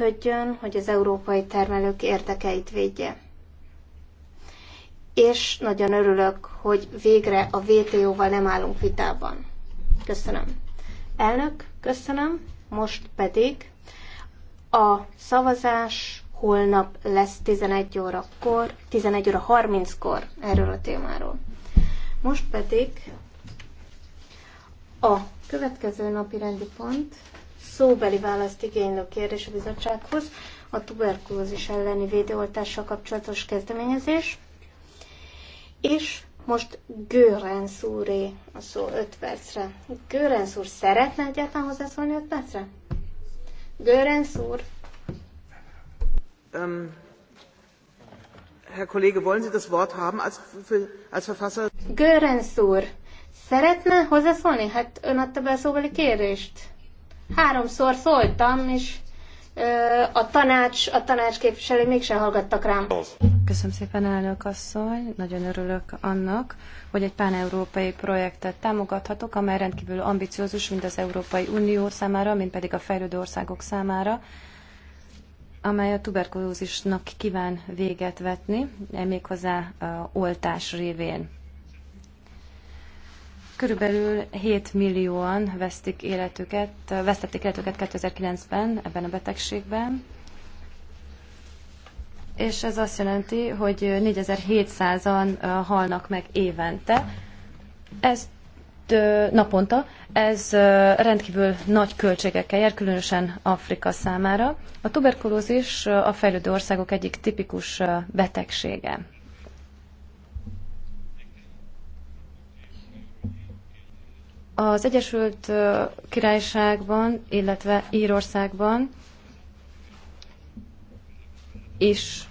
működjön, hogy az európai termelők érdekeit védje. És nagyon örülök, hogy végre a vto val nem állunk vitában. Köszönöm. Elnök, köszönöm. Most pedig a szavazás holnap lesz 11 órakor, 11 óra 30-kor erről a témáról. Most pedig a következő napi rendi pont szóbeli választ igénylő kérdés a bizottsághoz, a tuberkulózis elleni védőoltással kapcsolatos kezdeményezés. És most Görenc úré a szó 5 percre. Görenc úr szeretne egyáltalán hozzászólni 5 percre? Görenc úr. Um, Herr Kollege, wollen Sie das Wort haben als, für, als Verfasser? Görenc úr, szeretne hozzászólni? Hát ön adta be a szóbeli kérdést. Háromszor szóltam, és a tanács, a tanács képviselői mégsem hallgattak rám. Köszönöm szépen, elnök asszony. Nagyon örülök annak, hogy egy pán-európai projektet támogathatok, amely rendkívül ambiciózus mind az Európai Unió számára, mind pedig a fejlődő országok számára, amely a tuberkulózisnak kíván véget vetni, méghozzá oltás révén. Körülbelül 7 millióan vesztik életüket, vesztették életüket 2009-ben ebben a betegségben. És ez azt jelenti, hogy 4700-an halnak meg évente. Ez naponta, ez rendkívül nagy költségekkel jár, különösen Afrika számára. A tuberkulózis a fejlődő országok egyik tipikus betegsége. Az Egyesült Királyságban, illetve Írországban is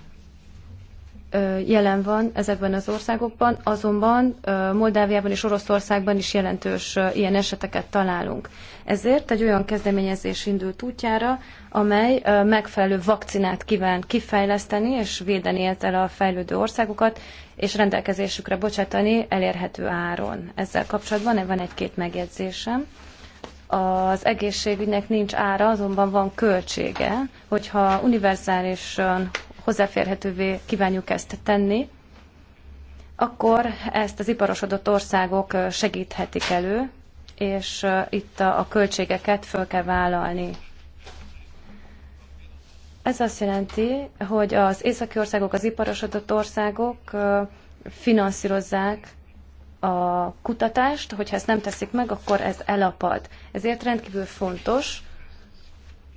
jelen van ezekben az országokban, azonban Moldáviában és Oroszországban is jelentős ilyen eseteket találunk. Ezért egy olyan kezdeményezés indult útjára, amely megfelelő vakcinát kíván kifejleszteni és védeni ezzel a fejlődő országokat, és rendelkezésükre bocsátani elérhető áron. Ezzel kapcsolatban van egy-két megjegyzésem az egészségügynek nincs ára, azonban van költsége, hogyha univerzálisan hozzáférhetővé kívánjuk ezt tenni, akkor ezt az iparosodott országok segíthetik elő, és itt a költségeket föl kell vállalni. Ez azt jelenti, hogy az északi országok, az iparosodott országok finanszírozzák a kutatást, hogyha ezt nem teszik meg, akkor ez elapad. Ezért rendkívül fontos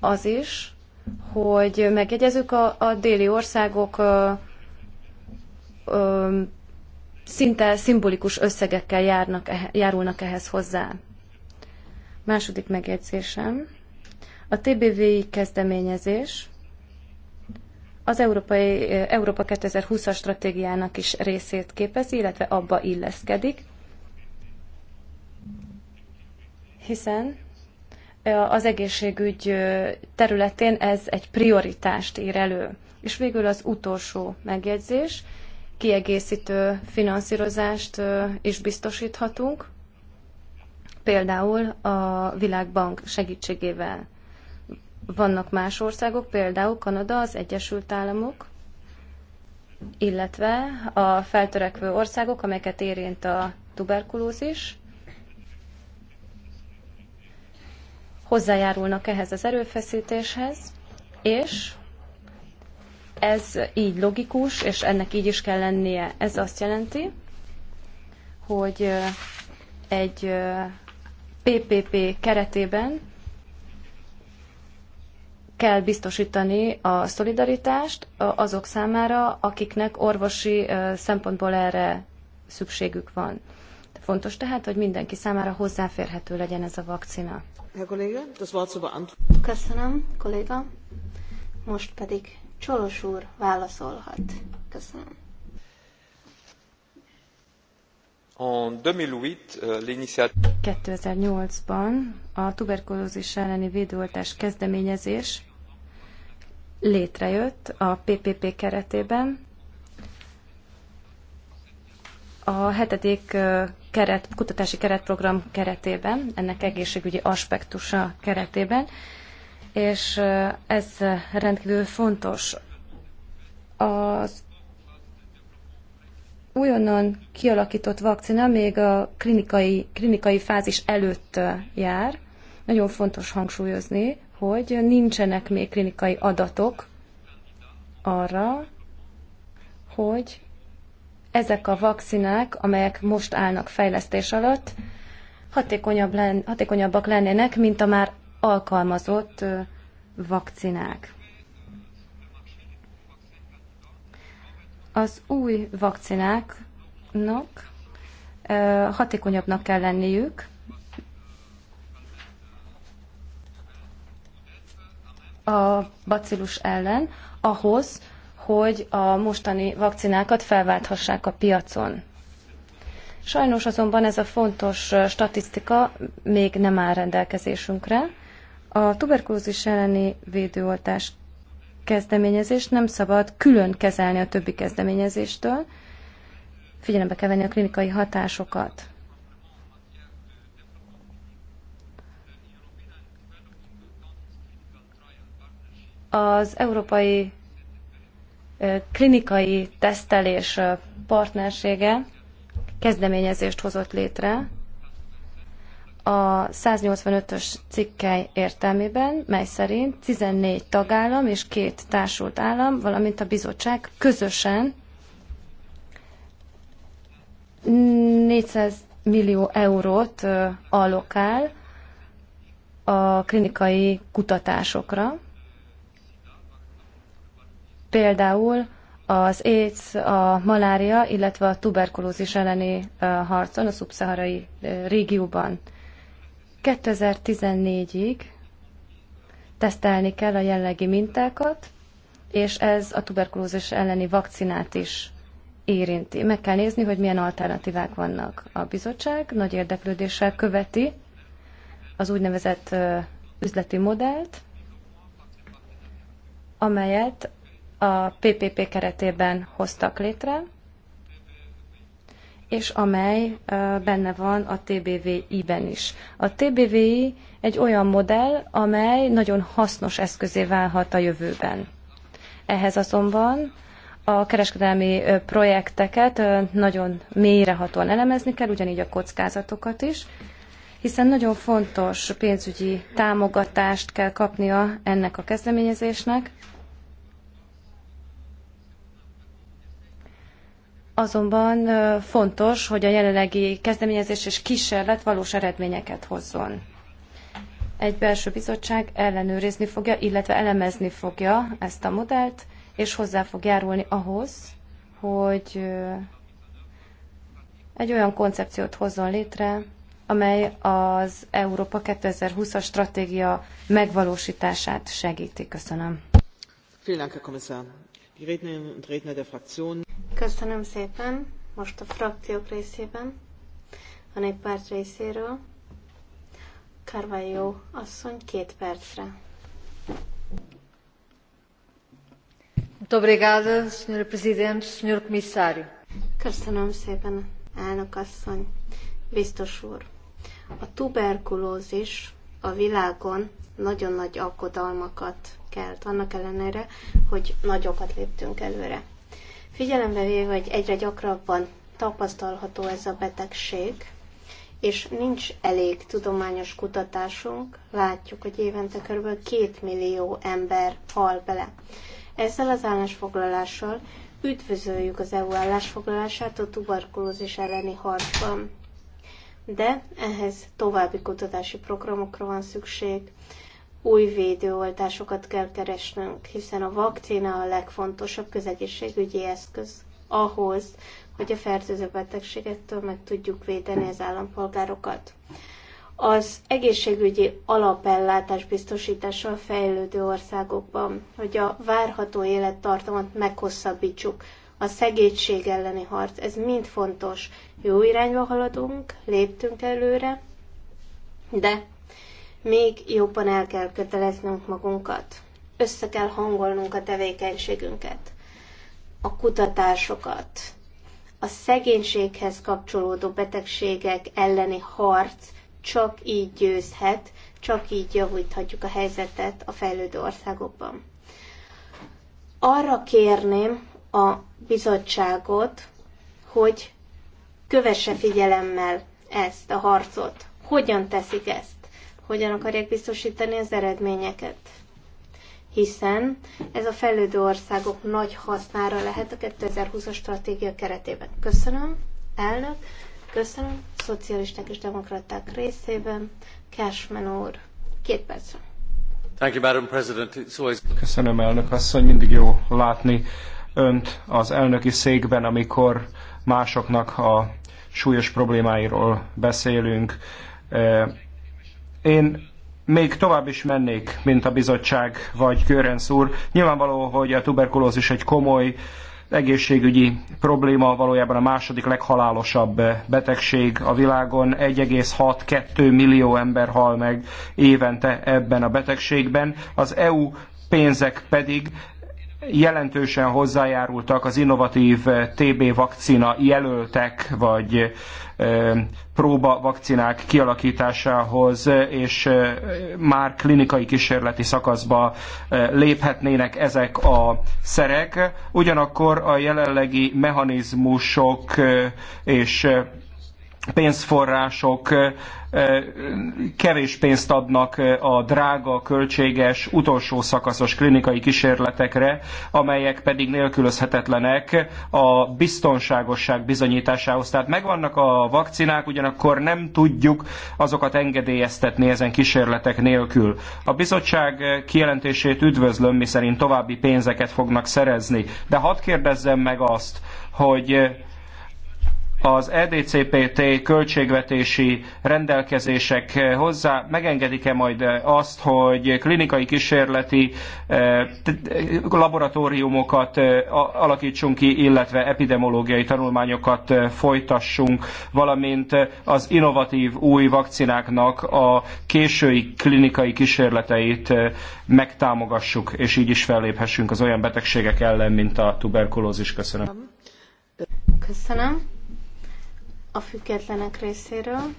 az is, hogy megegyezzük a, a déli országok ö, ö, szinte szimbolikus összegekkel járnak, járulnak ehhez hozzá. Második megjegyzésem. A TBVI kezdeményezés az Európai, Európa 2020-as stratégiának is részét képezi, illetve abba illeszkedik, hiszen az egészségügy területén ez egy prioritást ír elő. És végül az utolsó megjegyzés, kiegészítő finanszírozást is biztosíthatunk, például a Világbank segítségével. Vannak más országok, például Kanada, az Egyesült Államok, illetve a feltörekvő országok, amelyeket érint a tuberkulózis, hozzájárulnak ehhez az erőfeszítéshez, és ez így logikus, és ennek így is kell lennie. Ez azt jelenti, hogy egy PPP keretében kell biztosítani a szolidaritást azok számára, akiknek orvosi szempontból erre szükségük van. Fontos tehát, hogy mindenki számára hozzáférhető legyen ez a vakcina. Herr Kollege, das Köszönöm, kolléga. Most pedig Csolos úr válaszolhat. Köszönöm. En 2008-ban euh, a tuberkulózis elleni védőoltás kezdeményezés létrejött a PPP keretében. A hetedik euh, keret, kutatási keretprogram keretében, ennek egészségügyi aspektusa keretében, és ez rendkívül fontos. Az újonnan kialakított vakcina még a klinikai, klinikai fázis előtt jár. Nagyon fontos hangsúlyozni, hogy nincsenek még klinikai adatok arra, hogy ezek a vakcinák, amelyek most állnak fejlesztés alatt, hatékonyabb len, hatékonyabbak lennének, mint a már alkalmazott vakcinák. Az új vakcináknak hatékonyabbnak kell lenniük, a bacillus ellen, ahhoz, hogy a mostani vakcinákat felválthassák a piacon. Sajnos azonban ez a fontos statisztika még nem áll rendelkezésünkre. A tuberkulózis elleni védőoltás kezdeményezést nem szabad külön kezelni a többi kezdeményezéstől, figyelembe kell venni a klinikai hatásokat. Az Európai klinikai tesztelés partnersége kezdeményezést hozott létre a 185-ös cikkely értelmében, mely szerint 14 tagállam és két társult állam, valamint a bizottság közösen 400 millió eurót allokál a klinikai kutatásokra, Például az AIDS, a malária, illetve a tuberkulózis elleni harcon a szubszaharai régióban. 2014-ig tesztelni kell a jellegi mintákat, és ez a tuberkulózis elleni vakcinát is érinti. Meg kell nézni, hogy milyen alternatívák vannak. A bizottság nagy érdeklődéssel követi az úgynevezett üzleti modellt, amelyet a PPP keretében hoztak létre, és amely benne van a TBVI-ben is. A TBVI egy olyan modell, amely nagyon hasznos eszközé válhat a jövőben. Ehhez azonban a kereskedelmi projekteket nagyon mélyrehatóan elemezni kell, ugyanígy a kockázatokat is, hiszen nagyon fontos pénzügyi támogatást kell kapnia ennek a kezdeményezésnek, Azonban fontos, hogy a jelenlegi kezdeményezés és kísérlet valós eredményeket hozzon. Egy belső bizottság ellenőrizni fogja, illetve elemezni fogja ezt a modellt, és hozzá fog járulni ahhoz, hogy egy olyan koncepciót hozzon létre, amely az Európa 2020-as stratégia megvalósítását segíti. Köszönöm. Vielen Dank, Herr Kommissar. Die und Redner der Fraktionen. Köszönöm szépen. Most a frakciók részében, a néppárt részéről. Carvalho asszony két percre. Muito obrigada, Sr. Presidente, Sr. Comissário. Köszönöm szépen, elnök asszony, biztos úr. A tuberkulózis a világon nagyon nagy aggodalmakat kelt, annak ellenére, hogy nagyokat léptünk előre. Figyelembe véve, hogy egyre gyakrabban tapasztalható ez a betegség, és nincs elég tudományos kutatásunk, látjuk, hogy évente kb. 2 millió ember hal bele. Ezzel az állásfoglalással üdvözöljük az EU állásfoglalását a tuberkulózis elleni harcban. De ehhez további kutatási programokra van szükség, új védőoltásokat kell keresnünk, hiszen a vakcina a legfontosabb közegészségügyi eszköz ahhoz, hogy a fertőző betegségektől meg tudjuk védeni az állampolgárokat. Az egészségügyi alapellátás biztosítása a fejlődő országokban, hogy a várható élettartamot meghosszabbítsuk, a szegénység elleni harc, ez mind fontos. Jó irányba haladunk, léptünk előre, de még jobban el kell köteleznünk magunkat. Össze kell hangolnunk a tevékenységünket, a kutatásokat, a szegénységhez kapcsolódó betegségek elleni harc csak így győzhet, csak így javíthatjuk a helyzetet a fejlődő országokban. Arra kérném a bizottságot, hogy kövesse figyelemmel ezt a harcot. Hogyan teszik ezt? hogyan akarják biztosítani az eredményeket. Hiszen ez a fejlődő országok nagy hasznára lehet a 2020-as stratégia keretében. Köszönöm, elnök, köszönöm, szocialisták és demokraták részében, Cashman úr, két percre. Thank you, Madam President. It's always... Köszönöm, elnök asszony, mindig jó látni önt az elnöki székben, amikor másoknak a súlyos problémáiról beszélünk. Eh, én még tovább is mennék, mint a bizottság vagy Görenc úr. Nyilvánvaló, hogy a tuberkulózis egy komoly egészségügyi probléma, valójában a második leghalálosabb betegség a világon. 1,6-2 millió ember hal meg évente ebben a betegségben. Az EU pénzek pedig jelentősen hozzájárultak az innovatív eh, TB vakcina jelöltek, vagy eh, próba vakcinák kialakításához, eh, és már klinikai kísérleti szakaszba léphetnének ezek a szerek. Ugyanakkor a jelenlegi mechanizmusok és pénzforrások kevés pénzt adnak a drága, költséges, utolsó szakaszos klinikai kísérletekre, amelyek pedig nélkülözhetetlenek a biztonságosság bizonyításához. Tehát megvannak a vakcinák, ugyanakkor nem tudjuk azokat engedélyeztetni ezen kísérletek nélkül. A bizottság kijelentését üdvözlöm, miszerint további pénzeket fognak szerezni. De hadd kérdezzem meg azt, hogy az EDCPT költségvetési rendelkezések hozzá megengedik-e majd azt, hogy klinikai kísérleti eh, laboratóriumokat eh, alakítsunk ki, illetve epidemiológiai tanulmányokat eh, folytassunk, valamint az innovatív új vakcináknak a késői klinikai kísérleteit megtámogassuk, és így is felléphessünk az olyan betegségek ellen, mint a tuberkulózis. Köszönöm. Köszönöm a függetlenek részéről.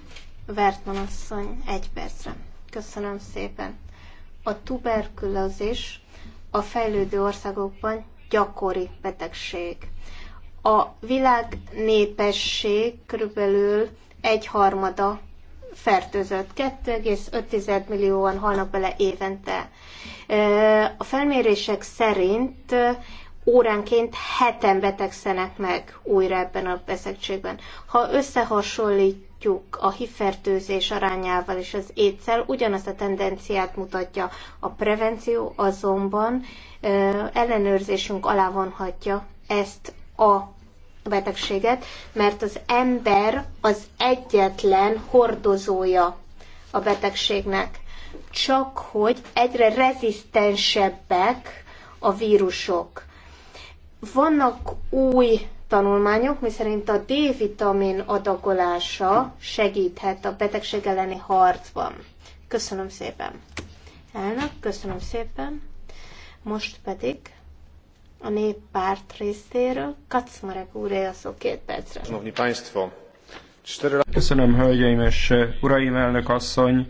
Vertman asszony, egy percre. Köszönöm szépen. A tuberkulózis a fejlődő országokban gyakori betegség. A világ népesség körülbelül egyharmada fertőzött. 2,5 millióan halnak bele évente. A felmérések szerint óránként heten betegszenek meg újra ebben a beszegségben. Ha összehasonlítjuk a hifertőzés arányával és az étszel, ugyanazt a tendenciát mutatja. A prevenció azonban ellenőrzésünk alá vonhatja ezt a betegséget, mert az ember az egyetlen hordozója a betegségnek. Csak hogy egyre rezisztensebbek a vírusok vannak új tanulmányok, miszerint a D-vitamin adagolása segíthet a betegség elleni harcban. Köszönöm szépen. Elnök, köszönöm szépen. Most pedig a néppárt részéről Kacmarek úré a szó két percre. Köszönöm, hölgyeim és uraim, elnök asszony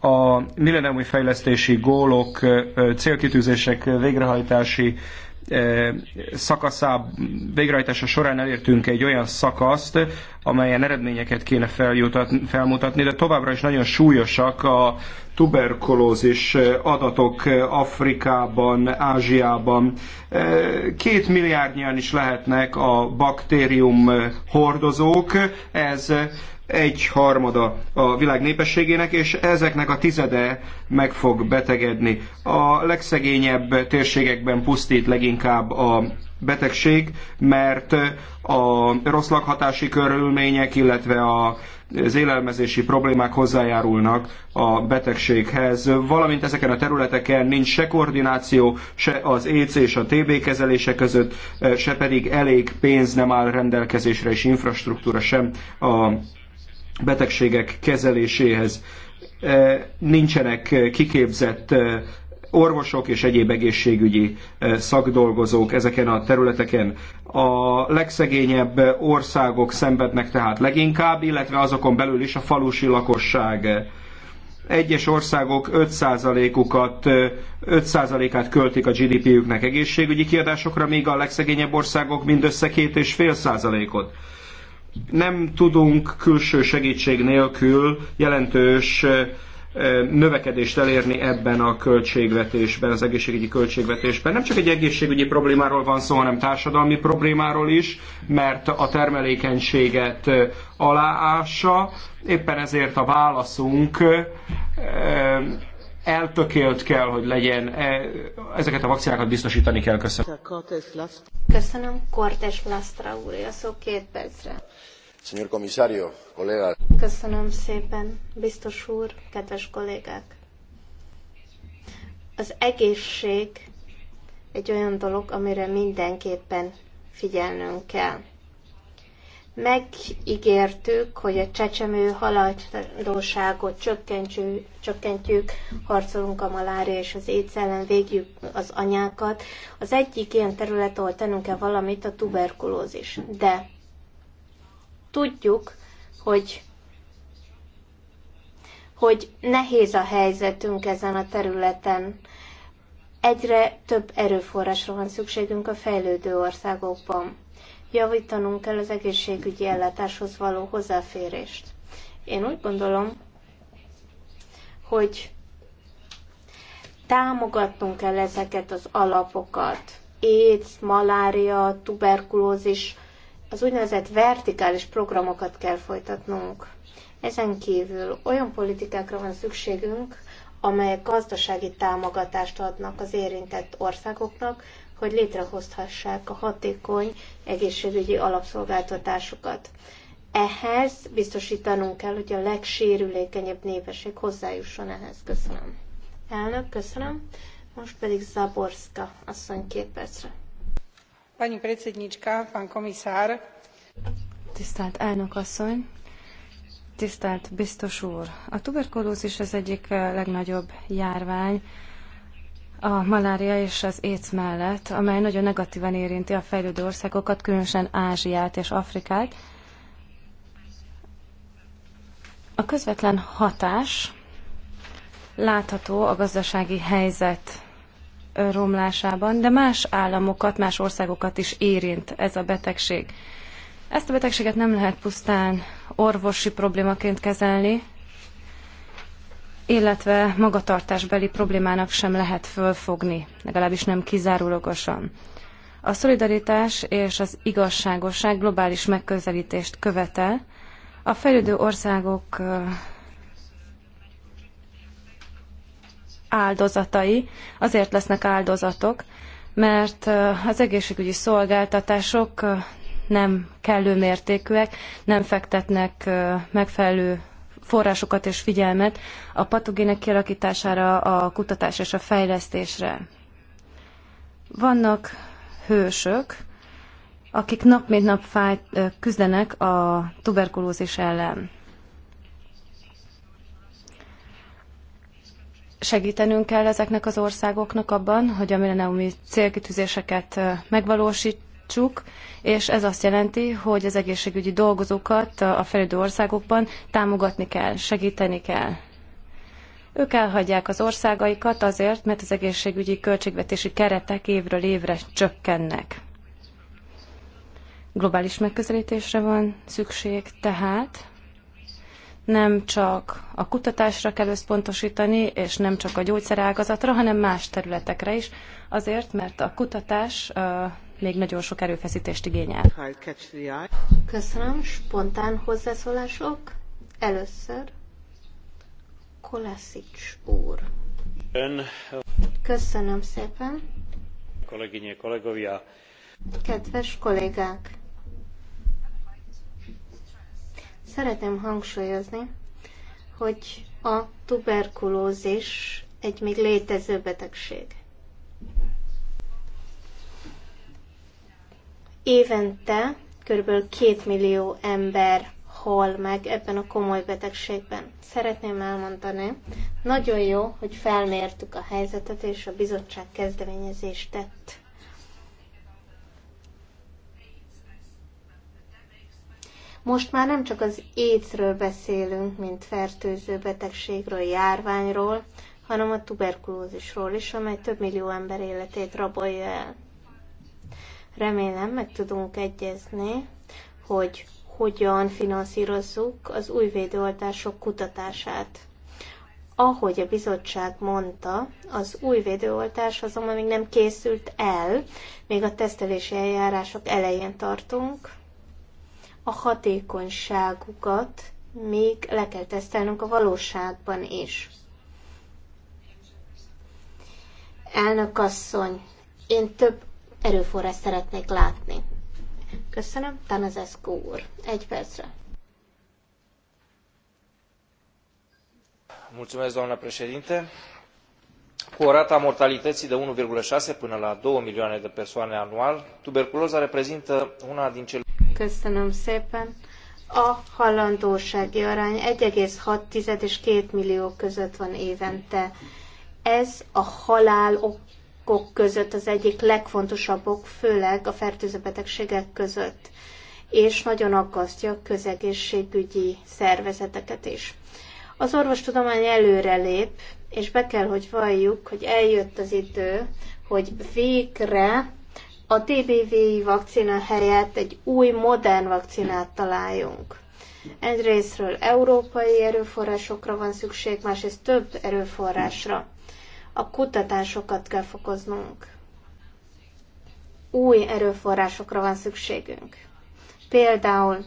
a millenniumi fejlesztési gólok, célkitűzések végrehajtási szakaszá végrehajtása során elértünk egy olyan szakaszt, amelyen eredményeket kéne felmutatni, de továbbra is nagyon súlyosak a tuberkulózis adatok Afrikában, Ázsiában. Két milliárdnyian is lehetnek a baktérium hordozók, ez egy harmada a világ népességének, és ezeknek a tizede meg fog betegedni. A legszegényebb térségekben pusztít leginkább a betegség, mert a rossz lakhatási körülmények, illetve a, az élelmezési problémák hozzájárulnak a betegséghez, valamint ezeken a területeken nincs se koordináció, se az AIDS e és a TB kezelése között, se pedig elég pénz nem áll rendelkezésre, és infrastruktúra sem a betegségek kezeléséhez. Eh, nincsenek eh, kiképzett eh, orvosok és egyéb egészségügyi szakdolgozók ezeken a területeken. A legszegényebb országok szenvednek tehát leginkább, illetve azokon belül is a falusi lakosság. Egyes országok 5%-ukat, 5%-át költik a GDP-üknek egészségügyi kiadásokra, míg a legszegényebb országok mindössze 2,5%-ot nem tudunk külső segítség nélkül jelentős növekedést elérni ebben a költségvetésben, az egészségügyi költségvetésben. Nem csak egy egészségügyi problémáról van szó, hanem társadalmi problémáról is, mert a termelékenységet aláássa. Éppen ezért a válaszunk eltökélt kell, hogy legyen. E, ezeket a vakcinákat biztosítani kell. Köszönöm. Köszönöm. Kortes Lastra úr, a szó két percre. Señor comisario, kollégák. Köszönöm szépen, biztos úr, kedves kollégák. Az egészség egy olyan dolog, amire mindenképpen figyelnünk kell. Megígértük, hogy a csecsemő halandóságot csökkentjük, csökkentjük, harcolunk a malária és az éjsz ellen, végjük az anyákat. Az egyik ilyen terület, ahol tennünk kell valamit, a tuberkulózis. De tudjuk, hogy hogy nehéz a helyzetünk ezen a területen. Egyre több erőforrásra van szükségünk a fejlődő országokban javítanunk kell az egészségügyi ellátáshoz való hozzáférést. Én úgy gondolom, hogy támogatnunk kell ezeket az alapokat. AIDS, malária, tuberkulózis, az úgynevezett vertikális programokat kell folytatnunk. Ezen kívül olyan politikákra van szükségünk, amelyek gazdasági támogatást adnak az érintett országoknak, hogy létrehozhassák a hatékony egészségügyi alapszolgáltatásokat. Ehhez biztosítanunk kell, hogy a legsérülékenyebb népesség hozzájusson ehhez. Köszönöm. Elnök, köszönöm. Most pedig Zaborska asszony két percre. Pani predsednička, pán komisár. Tisztelt elnök asszony, tisztelt biztos úr. A tuberkulózis az egyik legnagyobb járvány, a malária és az éc mellett, amely nagyon negatívan érinti a fejlődő országokat, különösen Ázsiát és Afrikát. A közvetlen hatás látható a gazdasági helyzet romlásában, de más államokat, más országokat is érint ez a betegség. Ezt a betegséget nem lehet pusztán orvosi problémaként kezelni, illetve magatartásbeli problémának sem lehet fölfogni, legalábbis nem kizárólagosan. A szolidaritás és az igazságosság globális megközelítést követel. A fejlődő országok áldozatai azért lesznek áldozatok, mert az egészségügyi szolgáltatások nem kellő mértékűek, nem fektetnek megfelelő forrásokat és figyelmet a patogének kialakítására, a kutatás és a fejlesztésre. Vannak hősök, akik nap mint nap fáj, küzdenek a tuberkulózis ellen. Segítenünk kell ezeknek az országoknak abban, hogy a milleniumi célkitűzéseket megvalósít, csuk és ez azt jelenti, hogy az egészségügyi dolgozókat a fejlődő országokban támogatni kell, segíteni kell. Ők elhagyják az országaikat azért, mert az egészségügyi költségvetési keretek évről évre csökkennek. Globális megközelítésre van szükség, tehát nem csak a kutatásra kell összpontosítani, és nem csak a gyógyszerágazatra, hanem más területekre is, azért, mert a kutatás még nagyon sok erőfeszítést igényel. Köszönöm. Spontán hozzászólások. Először Kolaszics úr. Köszönöm szépen. Kolleginje, kollégovia. Kedves kollégák! Szeretném hangsúlyozni, hogy a tuberkulózis egy még létező betegség. Évente kb. 2 millió ember hal meg ebben a komoly betegségben. Szeretném elmondani, nagyon jó, hogy felmértük a helyzetet, és a bizottság kezdeményezést tett. Most már nem csak az écről beszélünk, mint fertőző betegségről, járványról, hanem a tuberkulózisról is, amely több millió ember életét rabolja el. Remélem meg tudunk egyezni, hogy hogyan finanszírozzuk az új védőoltások kutatását. Ahogy a bizottság mondta, az új védőoltás azonban még nem készült el, még a tesztelési eljárások elején tartunk. A hatékonyságukat még le kell tesztelnünk a valóságban is. Elnök asszony, én több erőforrás szeretnék látni. Köszönöm, Tanazeszkó úr. Egy percre. Mulțumesc, doamna președinte. Cu o rată a mortalității de 1,6 până la 2 milioane de persoane anual, tuberculoza reprezintă una din cele... Köszönöm szépen. A halandósági arány 1,6 és 2 millió között van évente. Ez a halál ok okok között az egyik legfontosabb ok, főleg a fertőző betegségek között, és nagyon aggasztja a közegészségügyi szervezeteket is. Az orvostudomány előrelép, és be kell, hogy valljuk, hogy eljött az idő, hogy végre a TBV vakcina helyett egy új, modern vakcinát találjunk. Egyrésztről európai erőforrásokra van szükség, másrészt több erőforrásra. A kutatásokat kell fokoznunk. Új erőforrásokra van szükségünk. Például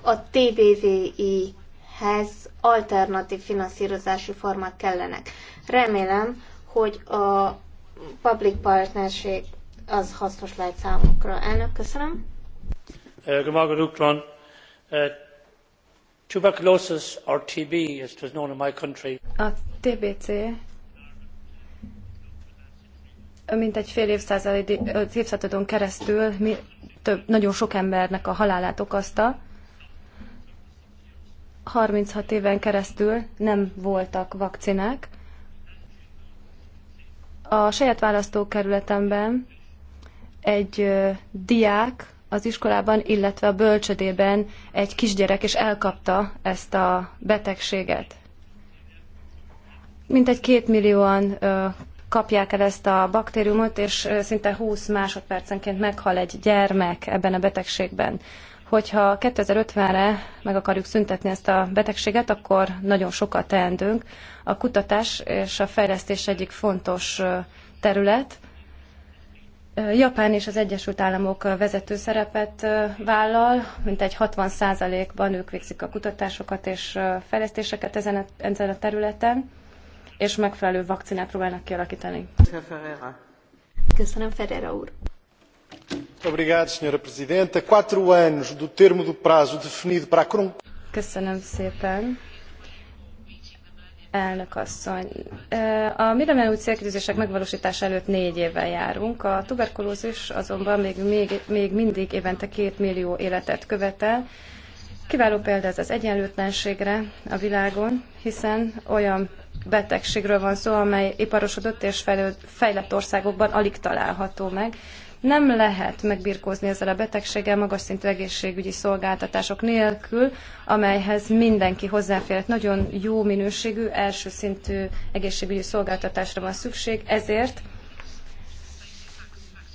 a TBVI-hez alternatív finanszírozási formák kellenek. Remélem, hogy a public partnership az hasznos lehet számunkra. Elnök, köszönöm. Uh, uh, tuberculosis or TB, as it was known in my country. A TBC mintegy fél évszázadon keresztül mi, több, nagyon sok embernek a halálát okozta. 36 éven keresztül nem voltak vakcinák. A saját választókerületemben egy diák az iskolában, illetve a bölcsödében egy kisgyerek, és elkapta ezt a betegséget. Mintegy két millióan kapják el ezt a baktériumot, és szinte 20 másodpercenként meghal egy gyermek ebben a betegségben. Hogyha 2050-re meg akarjuk szüntetni ezt a betegséget, akkor nagyon sokat teendünk. A kutatás és a fejlesztés egyik fontos terület. Japán és az Egyesült Államok vezető szerepet vállal, mintegy 60%-ban ők végzik a kutatásokat és fejlesztéseket ezen a, ezen a területen és megfelelő vakcinát próbálnak kialakítani. Köszönöm, Ferreira úr. Obrigado, Sra. Presidente. Quatro anos do termo do prazo definido para a Köszönöm szépen. Elnök asszony, a millenniumi célkérdések megvalósítása előtt négy évvel járunk. A tuberkulózis azonban még, még, még mindig évente két millió életet követel, Kiváló példa ez az egyenlőtlenségre a világon, hiszen olyan betegségről van szó, amely iparosodott és fejlett országokban alig található meg. Nem lehet megbirkózni ezzel a betegséggel magas szintű egészségügyi szolgáltatások nélkül, amelyhez mindenki hozzáférhet. Nagyon jó minőségű, első szintű egészségügyi szolgáltatásra van szükség, ezért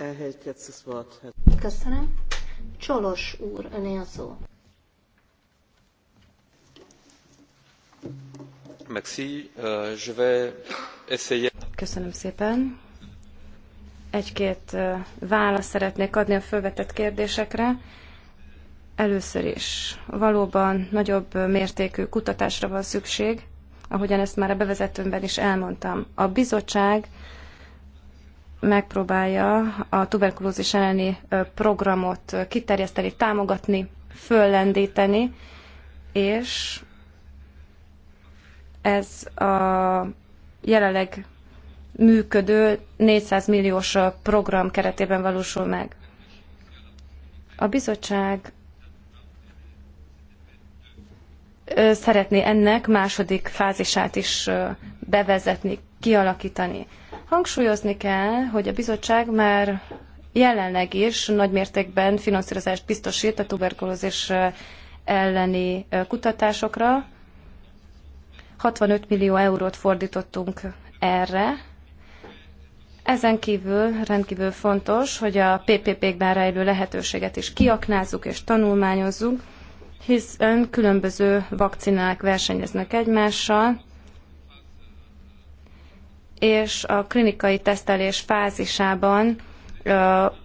Hát. Köszönöm. Csolos úr, öné a szó. Merci. Euh, je vais essayer. Köszönöm szépen. Egy-két választ szeretnék adni a felvetett kérdésekre. Először is valóban nagyobb mértékű kutatásra van szükség, ahogyan ezt már a bevezetőmben is elmondtam. A bizottság megpróbálja a tuberkulózis elleni programot kiterjeszteni, támogatni, föllendíteni, és ez a jelenleg működő 400 milliós program keretében valósul meg. A bizottság szeretné ennek második fázisát is bevezetni, kialakítani. Hangsúlyozni kell, hogy a bizottság már jelenleg is nagy mértékben finanszírozást biztosít a tuberkulózis elleni kutatásokra. 65 millió eurót fordítottunk erre. Ezen kívül rendkívül fontos, hogy a PPP-kben rejlő lehetőséget is kiaknázzuk és tanulmányozzuk, hiszen különböző vakcinák versenyeznek egymással, és a klinikai tesztelés fázisában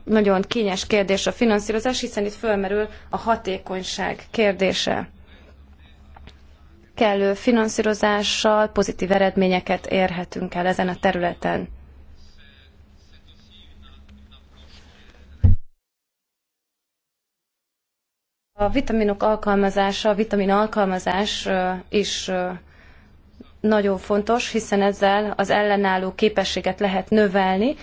nagyon kényes kérdés a finanszírozás, hiszen itt fölmerül a hatékonyság kérdése. Kellő finanszírozással pozitív eredményeket érhetünk el ezen a területen. A vitaminok alkalmazása, a vitamin alkalmazás is nagyon fontos, hiszen ezzel az ellenálló képességet lehet növelni.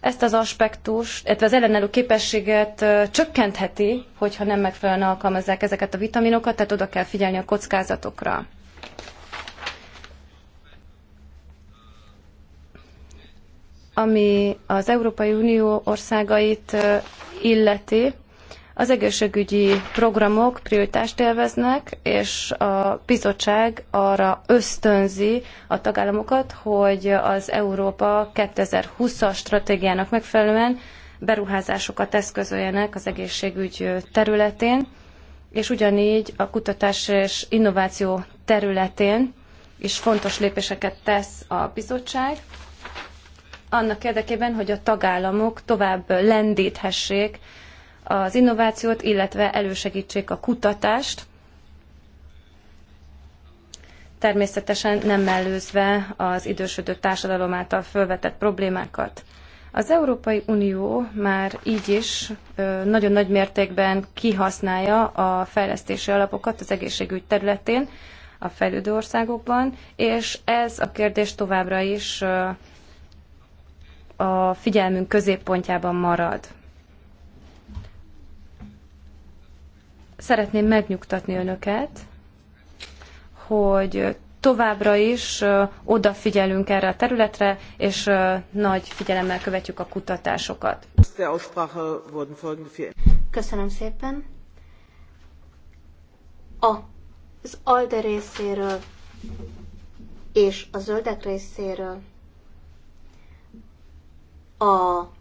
Ezt az aspektust, illetve az ellenálló képességet csökkentheti, hogyha nem megfelelően alkalmazzák ezeket a vitaminokat, tehát oda kell figyelni a kockázatokra. Ami az Európai Unió országait illeti, az egészségügyi programok prioritást élveznek, és a bizottság arra ösztönzi a tagállamokat, hogy az Európa 2020-as stratégiának megfelelően beruházásokat eszközöljenek az egészségügy területén, és ugyanígy a kutatás és innováció területén is fontos lépéseket tesz a bizottság, annak érdekében, hogy a tagállamok tovább lendíthessék az innovációt, illetve elősegítsék a kutatást, természetesen nem mellőzve az idősödő társadalom által felvetett problémákat. Az Európai Unió már így is nagyon nagy mértékben kihasználja a fejlesztési alapokat az egészségügy területén a fejlődő országokban, és ez a kérdés továbbra is a figyelmünk középpontjában marad. szeretném megnyugtatni önöket, hogy továbbra is odafigyelünk erre a területre, és nagy figyelemmel követjük a kutatásokat. Köszönöm szépen. A, az ALDE részéről és a zöldek részéről a